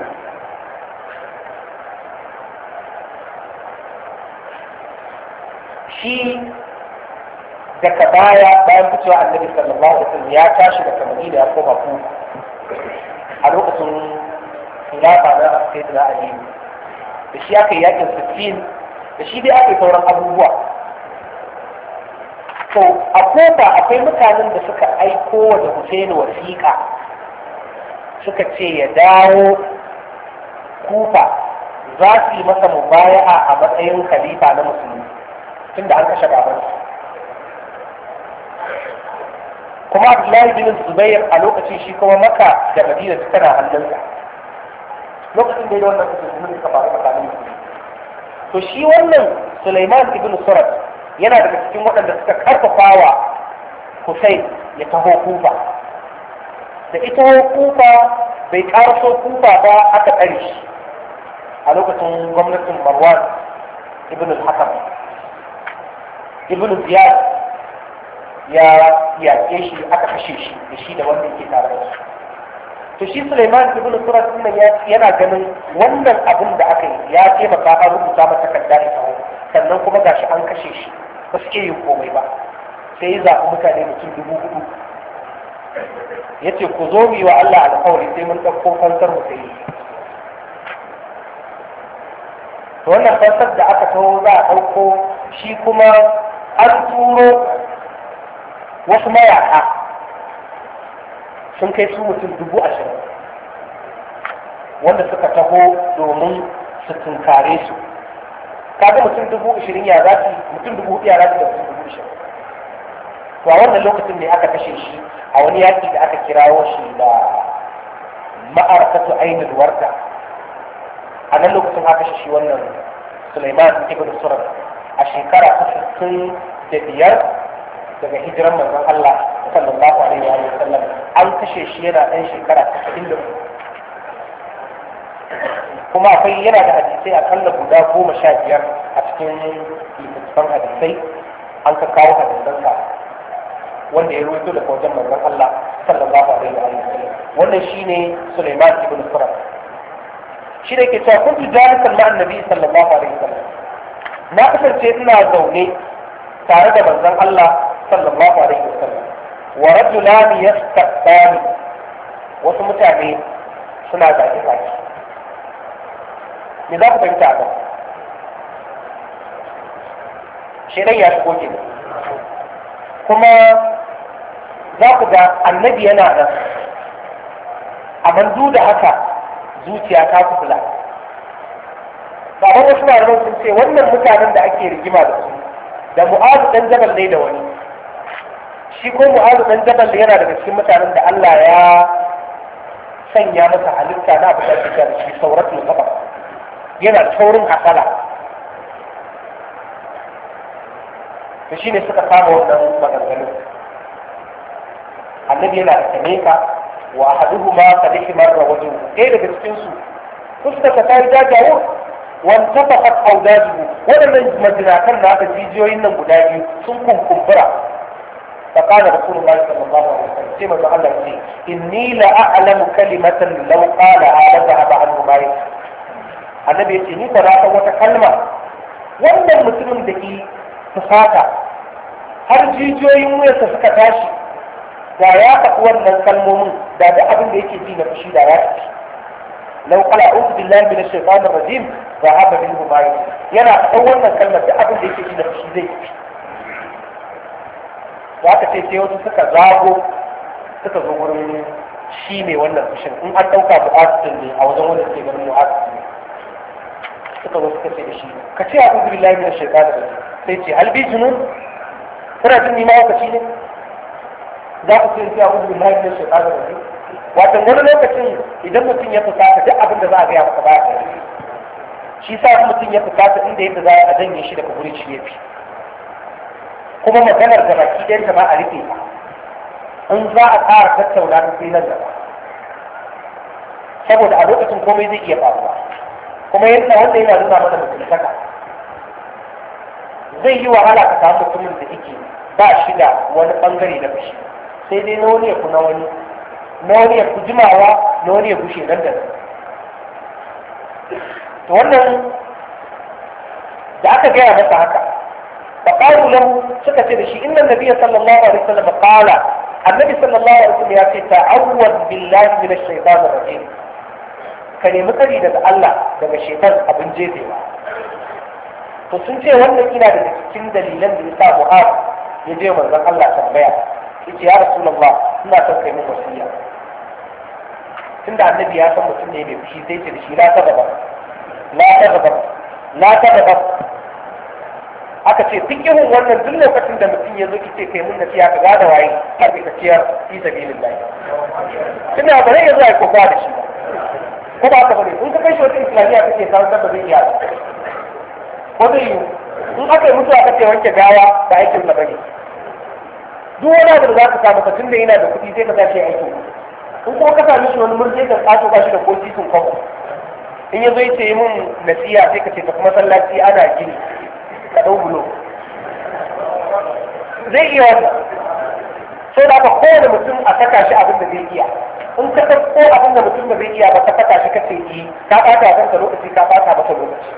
shi daga baya bayan fitowa annabi sallallahu alaihi wasallam ya tashi daga madina ya koma kuma a lokacin khilafa na sai da da shi aka yi yakin sittin da shi dai aka yi sauran abubuwa to a kofa akwai mutanen da suka aiko wa da Hussein wasiƙa suka ce ya dawo kufa za su yi masa mubaya'a a matsayin khalifa na musulmi tun da an kashe babansu kuma abdullahi bin zubair a lokacin shi kuma maka da madina su tana hannunsa lokacin da ya wannan su sun suka faru tsakanin to shi wannan Sulaiman ibn Surat yana daga cikin waɗanda suka karfafa wa Hussein ya taho kufa da ita kufa bai karaso kufa ba aka ɗari. a lokacin gwamnatin Marwan ibn al-Hakam ibn Ziyad ya yaƙe shi aka kashe shi da shi da wanda yake tare da shi to shi Sulaiman ibn Surat din yana ganin wannan abin da aka yi ya taimaka an rubuta mata takarda da tsawo sannan kuma gashi an kashe shi ba su ke yin komai ba sai ya zafi mutane mutum dubu hudu ya ce ku zo mu yi wa Allah alkawari sai mun ɗauko fansar mu sai to wannan fansar da aka taho za a ɗauko shi kuma an turo wasu mayaka sun kai su mutum dubu ashirin wanda suka taho domin su tunkare su kaga mutum dubu ashirin ya za su mutum dubu ya za su da mutum dubu ashirin to a wannan lokacin ne aka kashe shi a wani yaƙi da aka kirawo shi da ma'arkatu ainihin warta a nan lokacin aka kashe shi wannan suleiman ibn surat a shekara ta sittin da biyar daga hijiran manzon Allah sallallahu alaihi wa sallam an kashe shi yana ɗan shekara da kuma akwai yana da hadisai akalla guda goma sha biyar a cikin littattafan hadisai an ka kawo hadisansa wanda ya rubuto da wajen manzon Allah sallallahu alaihi wa sallam wannan shine Suleiman ibn Furat shi da ke cewa kuntu jalisan ma'an nabi sallallahu alaihi wa sallam na kasance ina zaune tare da manzon Allah sallallahu alaihi wasallam wa rajulani yastaqani wasu mutane suna zage zage me za ku fahimta a shi dai ya shigo ke kuma za ku ga annabi yana nan a duk da haka zuciya ta kula ba suna malaman sun ce wannan mutanen da ake rigima da su da mu'azu dan jabal ne da wani shi ko mu'azu dan jabal yana daga cikin mutanen da Allah ya sanya masa halitta na abin da shi da shi sauratul qadar yana taurin hasala to shine suka kama wannan maganganun annabi yana da kameka wa ahaduhuma qad ihmarra wajhu ɗaya daga cikin su fuskata ta yi jajawo wan tafaqat awdajuhu Waɗannan majinakan na aka jijiyoyin nan guda biyu sun kunkumbura فقال رسول الله صلى الله عليه وسلم كما قال لي إني لأعلم كلمة لو قالها لذهب عنه ما يكفي annabi ya ce ni ba ta wata kalma wannan mutumin da ke fusata har jijiyoyin wuyarsa suka tashi da ya faɗi wannan kalmomin da duk abin da yake ji na fushi da ya tafi lau kala uku billahi min shaitanir ba haba minhu yana wannan kalmar abin da yake ji na fushi zai to aka ce sai wasu suka zago suka zo wurin shi mai wannan fushin in an ɗauka mu'asisin ne a wajen wani suke ganin mu'asisi ne suka zo suka ce da shi ka ce abu billahi min shaytan sai ce hal bi junun kana jin ni ma wakaci ne za ku ce abu billahi da shaytan wata wani lokacin idan mutum ya fusata duk abin da za a gaya maka ba ya shi sa mutum ya fusata inda yadda za a janye shi daga wuri shi ya fi kuma maganar da baki ɗayan ta ba a rufe ta in za a ƙara tattauna ta sai nan gaba saboda a lokacin komai zai iya faruwa kuma yadda wanda yana nuna mana mutuntaka zai yi wahala ka samu mutumin da yake ba shi da wani bangare na fushi sai dai na wani ya kuna wani na wani ya jimawa na wani ya gushe nan da nan to wannan da aka gaya masa haka فقالوا له سكترشي إن النبي صلى الله عليه وسلم قال النبي صلى الله عليه وسلم يأتي تعوذ بالله من الشيطان الرجيم كان يمتلي لدى الله لدى الشيطان أبن جيدي فسنتي وانا إنا لدى كن دليلا لإساء مهار يجي من ذلك الله تنبيع يجي يا رسول الله إنا تنكي من وسيلة تند عن النبي يا سمو تنبيع بشي زيتي بشي لا تغضب لا تغضب لا تغضب aka ce "Duk irin wannan duk lokacin da mutum ya zo ki ce kai mun nasiha ka gane waye har bi tafiyar fi sabilillah ina bare ya zai kofa da shi ko ba ka bane in ka kai shi wata islamiyya ce san da zai iya ko zai yi in aka yi mutuwa ka ce wanke gawa da aikin na bane duk wani abu da za ka samu tun da yana da kuɗi sai ka tashi aikin in kuma ka sami shi wani murje ka kato ba shi da kofi sun kwabo in ya zo ya ce yi mun nasiha sai ka ce tafi masallaci ana gini ka ɗau bulo zai iya wata sai da ka kowane mutum a saka shi abin da zai iya in ka san ko abin da mutum da zai iya ba ka saka shi kace yi eh, ka ɓata kanka lokaci ka ɓata masa lokaci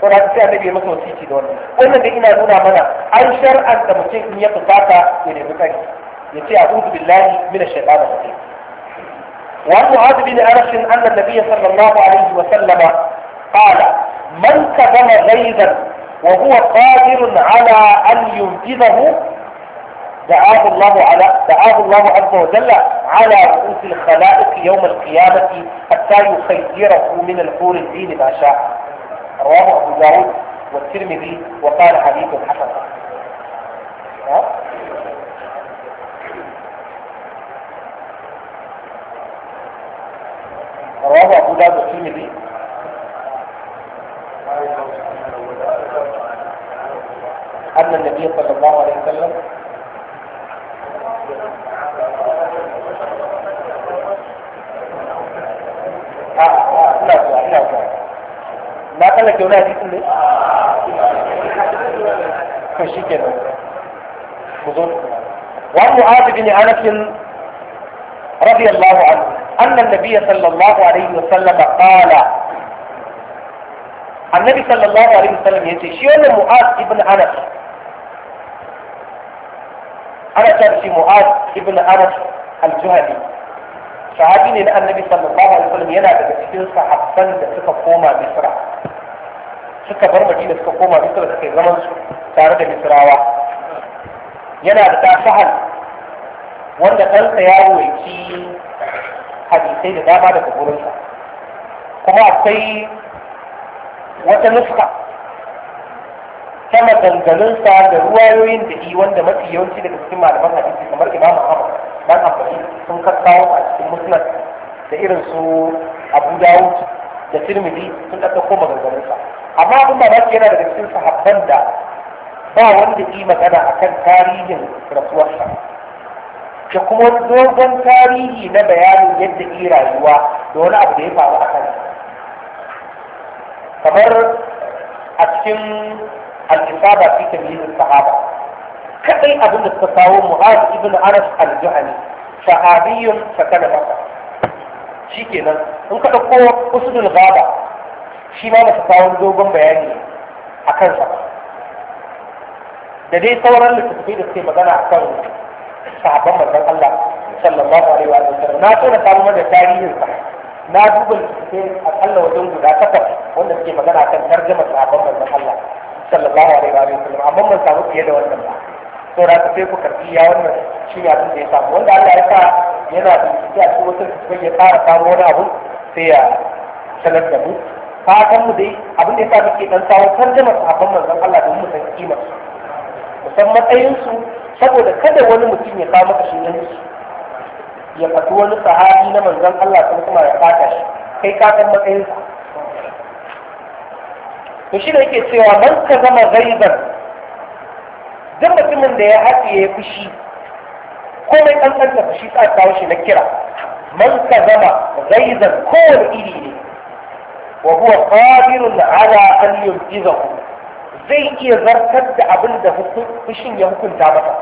ko da sai annabi ya masa wasiki da wannan wannan dai ina nuna mana an shar'anta mutum in ya fusata ya nemi kari ya ce a'udhu billahi minash shaitanir rajim وعن معاذ بن انس ان النبي صلى الله عليه وسلم قال من كتم زيدا وهو قادر على أن ينقذه دعاه الله على دعاه الله عز وجل على رؤوس الخلائق يوم القيامة حتى يخيره من الحور الدين ما شاء رواه أبو داود والترمذي وقال حديث حسن رواه أبو داود والترمذي أن النبي صلى الله عليه وسلم آه، لا لا لا لا لا to shi ke nan ku zo وعن معاذ بن انس رضي الله عنه ان النبي صلى الله عليه وسلم قال annabi sallallahu alaihi wasallam yace shi wannan mu'az ibn anas ana ta shi mu'az ibn anas al juhadi sahabi ne na annabi sallallahu alaihi wasallam yana daga cikin sahabban da suka koma misra suka bar madina suka koma misra suka yi zaman su tare da misrawa yana da tasahal wanda ɗansa ya roƙi hadisai da dama daga gurinsa kuma akwai wata nuska ta maganganunsa da ruwayoyin da yi wanda mafi yawanci daga cikin malaman hadisi kamar imamu ahmad dan abbali sun kakkawo a cikin musnad da irin su abu dawud da tirmidhi sun ɗaɗɗauko maganganunsa amma abin ba yana daga cikin sahabban da ba wanda yi magana akan tarihin rasuwarsa da kuma dogon tarihi na bayanin yadda yi rayuwa da wani abu da ya faru a kansa kamar a cikin al-isaba fi tamyiz sahaba kai abin da suka kawo Muaz ibn anas al-juhani sahabiyyun sakana maka shikenan in ka dauko usdul ghaba shi ma masa kawo dogon bayani akan sa da dai sauran littattafai da suke magana akan sahabban manzon Allah sallallahu alaihi wa sallam na so samun da mana tarihin sa na duba a kalla wajen guda takwas wanda suke magana kan a bambam da Allah sallallahu alaihi wa sallam amma ban samu fiye da wannan ba to da ka sai ku karbi ya wannan shi ne abin da ya samu wanda Allah ya sa yana da shi a cikin wasu littattafai ya fara samu wani abu sai ya sanar da mu fatan mu dai abin da ya sa muke dan samu a bambam da Allah domin mu san kimar su musamman ayyansu saboda kada wani mutum ya kawo maka shi ne ya faɗi wani sahabi na manzon Allah sun kuma ya fata shi kai ka san matsayinsa to shi da yake cewa man ka zama gaiban duk mutumin da ya haɗe ya fushi komai ƙanƙanta fushi ta kawo shi na kira man ka zama gaiban kowane iri ne wa huwa qadirun ala an yunjizahu zai iya zartar da abin da fushin ya hukunta masa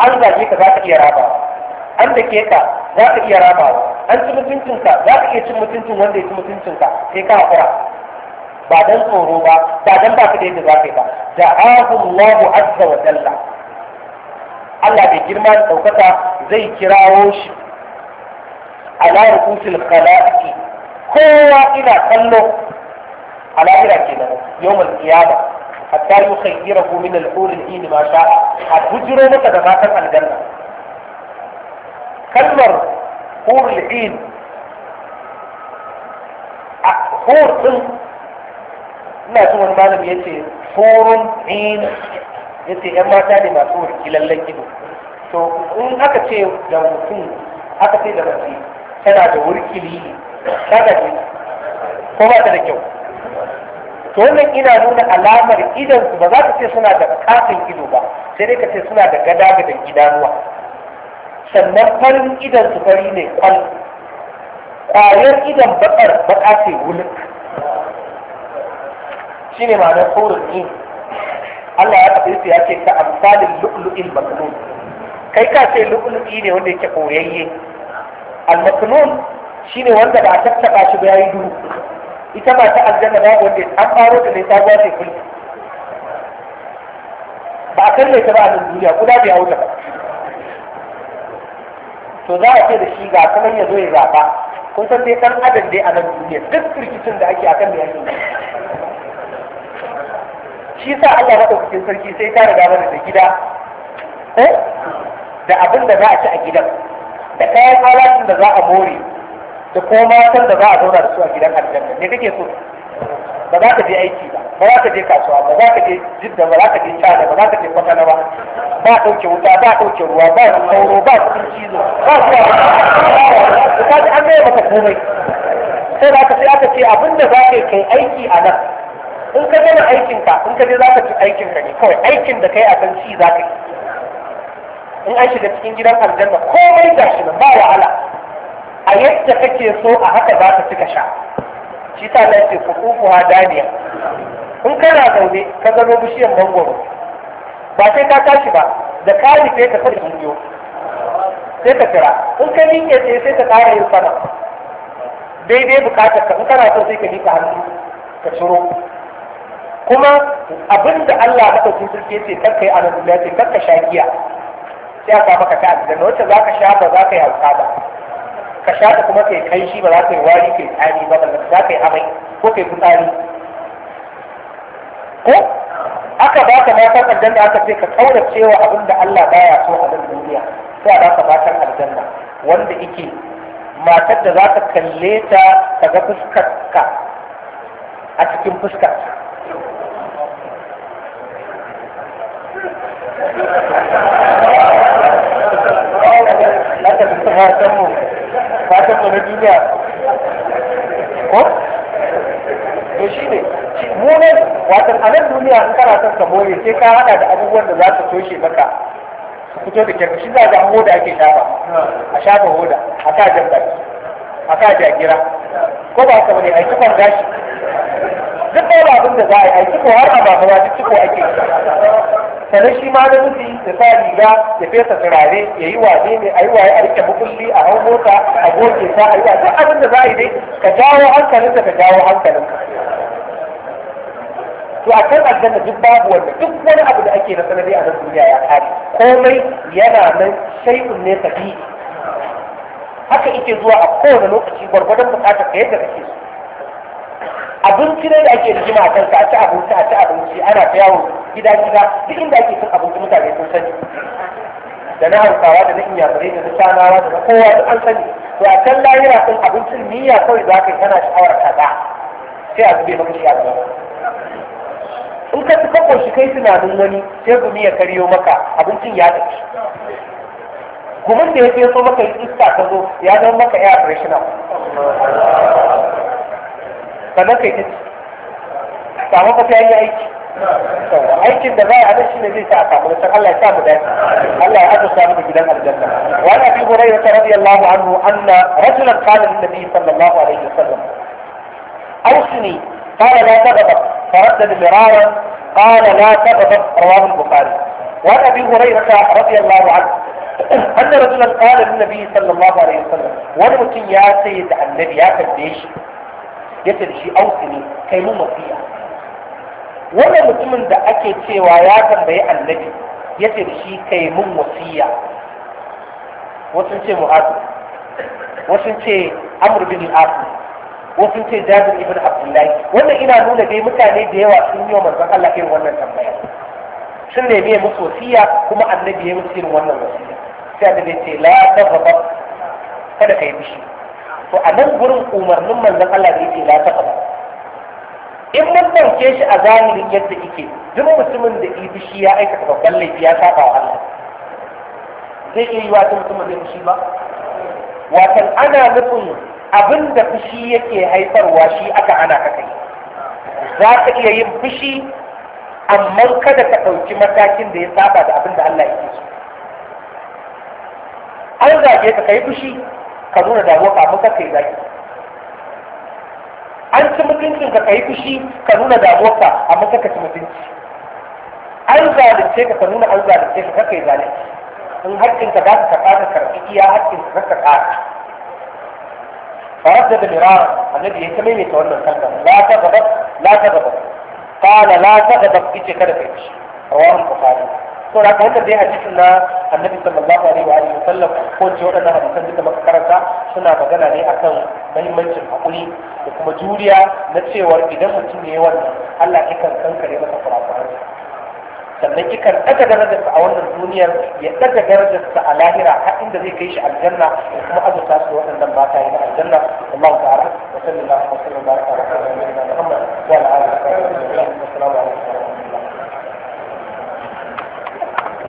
an zage ka za ka iya raba an da ke ka za ka iya ramawa an ci mutuncinka za ka iya cin mutuncin wanda ya ci mutuncinka sai ka haƙura ba dan tsoro ba ba dan ba ka da yadda za ka yi ba da ahullahu azza wa jalla Allah bai girma da ɗaukaka zai kirawo shi ala rukutul khalaiki kowa ina kallo a lahira kenan yawmul qiyamah hatta a tsari al-hur al-ain ma sha'a a bujiro maka da matan aljanna kalmar hurul a hur din ina jin wani malami ya ce hurun in ya ce yan mata ne masu kilallen ido to in aka ce da mutum aka ce da mace tana da wurkili kaga ne ko ba ta da kyau to wannan ina nuna alamar idan su ba za ka ce suna da katin ido ba sai dai ka ce suna da gada gadan idanuwa sannan farin idan su fari ne kwal ƙwayar idan baƙar baƙa ce wulin shi ne ma'anar tsorin ne Allah ya kafin su ya ce ta amsalin lu'lu'il maknun kai ka ce lu'lu'i ne wanda yake koyayye al-maknun shi ne wanda ba a tattaɓa shi ba ya yi duhu ita ba ta aljanna ba wanda an faro da ne ta gwace kulki ba a kalle ta ba a nan duniya guda bai hauta ba to za a ce da shi ga kuma ya zo ya zaɓa kun san dai ɗan adam dai a nan duniya duk rikicin da ake akan yaki shi sa Allah maɗaukakin sarki sai ta riga mana da gida eh? da abin da za a ci a gidan da kayan kwalatin da za a more da kuma matan da za a zauna da su a gidan aljanna ne kake so ba za ka je aiki ba ba za ka je kasuwa ba za ka je jidda ba za ka je cada ba za ka je kwatana ba ba dauke wuta ba dauke ruwa ba sauro ba cikin cizo ba zuwa ba ka ji an gaya maka komai sai za ka sai aka ce abin da za ka yi kai aiki a nan in ka gama ka in ka je za ka ci ka ne kawai aikin da kai a kan ci za ka yi in an shiga cikin gidan aljanna komai gashi nan ba wahala a yadda kake so a haka za ka ka sha shi ta nan ce ha daniya in kana zaune ka zama bishiyar mangoro ba sai ka tashi ba da ka sai ka sai sun sai ka kira in ka miƙe sai sai ka ƙara yin sana daidai bukatar ka in kana so sai ka nika hannu ka ciro kuma abin da Allah maka kusurce ce kar ka yi alamu ce kar ka sha giya sai aka maka ta da wacce za ka sha ba za ka yi hauka ba ka shafa kuma kai kai shi ba za ka yi wari kai tsari ba ba za ka yi amai ko kai fitsari ko aka ba ka matan aljanna aka ce ka kaurace cewa abin da Allah baya so a nan duniya sai a ba ka matan aljanna wanda yake matar da za ka kalle ta ka ga fuskar ka a cikin fuskar Thank you. ta taɓa na duniya ko to shi ne mu ne watan a nan duniya in kana son ka more sai ka haɗa da abubuwan da za su toshe maka su fito da kyau shi za ga hoda ake shafa a shafa hoda a ka jan baki a ka jagira ko ba ka bane a yi kifan gashi duk ɗaya ba abin da za a yi aiki ciko har a ba duk ciko ake sannan shi ma namiji ya sa riga ya fesa turare ya yi wane ne a yi waye a rike mukulli a hau mota a goge ta a yi wa duk abin da za a yi dai ka jawo hankalinka ka jawo hankalinka to a kan aljanna duk babu wanda duk wani abu da ake na sanadi a nan duniya ya kare komai yana nan shay'un ne tabi'i haka ike zuwa a kowane lokaci gwargwadon bukatar ka yadda kake so abinci ne da ake rigima a kansa a ci abinci a ci abinci ana ta yawo gida gida duk inda ake cin abinci mutane sun sani da na hausawa da na inyamurai da na shanawa da na kowa duk an sani to a can lahira sun abincin miya kawai za ka yi kana sha'awar kaza sai a zube maka shi a gaba in ka ci kakon shi kai tunanin wani sai ku miya karyo maka abincin ya tafi gumin da ya feso maka iska ta zo ya zama maka air freshener فبكي جدا تعمل في اي عيش عيش ده بقى عليش اللي دي ساعته بس الله يساعده ده الجنة وانا أبي هريرة رضي الله عنه ان رجلا قال للنبي صلى الله عليه وسلم اوصني قال لا تغضب فردد مرارا قال لا تغضب رواه البخاري وانا أبي هريرة رضي الله عنه أن رجلا قال للنبي صلى الله عليه وسلم والمتين يا سيد النبي يا كديش ya da shi auki ne kai mu mafiya wannan mutumin da ake cewa ya tambayi annabi ya ce shi kai mun wasiya wasu ce mu'adu wasu ce amr bin al wasu ce jabir ibn abdullahi wannan ina nuna dai mutane da yawa sun yi wa manzon Allah irin wannan tambaya sun nemi ya musu wasiya kuma annabi ya musu irin wannan wasiya sai annabi ce la taghdab kada ka yi bishi to a nan gurin umarnin manzon Allah da yake la ba, in mun dauke shi a zahirin yadda yake duk mutumin da ibi shi ya aikata babban laifi ya saba wa Allah zai iya yiwa ta mutumin da fushi ba watan ana nufin abin da fushi yake haifarwa shi aka ana ka kai za ka iya yin fushi amma kada ka ɗauki matakin da ya saba da abin da Allah yake so an zage ka kai fushi ka nuna damuwa kafin ka kai zaki an ci mutuncin ka kai fushi ka nuna damuwa ka amma ka ci mutunci an zalunce ka ka nuna an zalunce ka ka kai zalunci in haƙƙin ka za ka ka fata karfi iya haƙƙin ka ka ƙara farat da dalira a ya kame mai ta wannan kalma da ba gaba la ta gaba kala la ta gaba ce kada ka kai fushi a ka faru. to da haka dai cikin na annabi sallallahu alaihi wa alihi wasallam ko ce waɗannan hadisan duka muka karanta suna magana ne akan mahimmancin hakuri da kuma juriya na cewa idan mutum ne wannan Allah yakan kankare masa kurakuransa sannan yakan ɗaga darajarsa a wannan duniyar ya ɗaga darajarsa a lahira har inda zai kai shi aljanna da kuma azurta su waɗannan ta yi na aljanna Allah ta'ala wa sallallahu alaihi wa sallam wa wa wa sallam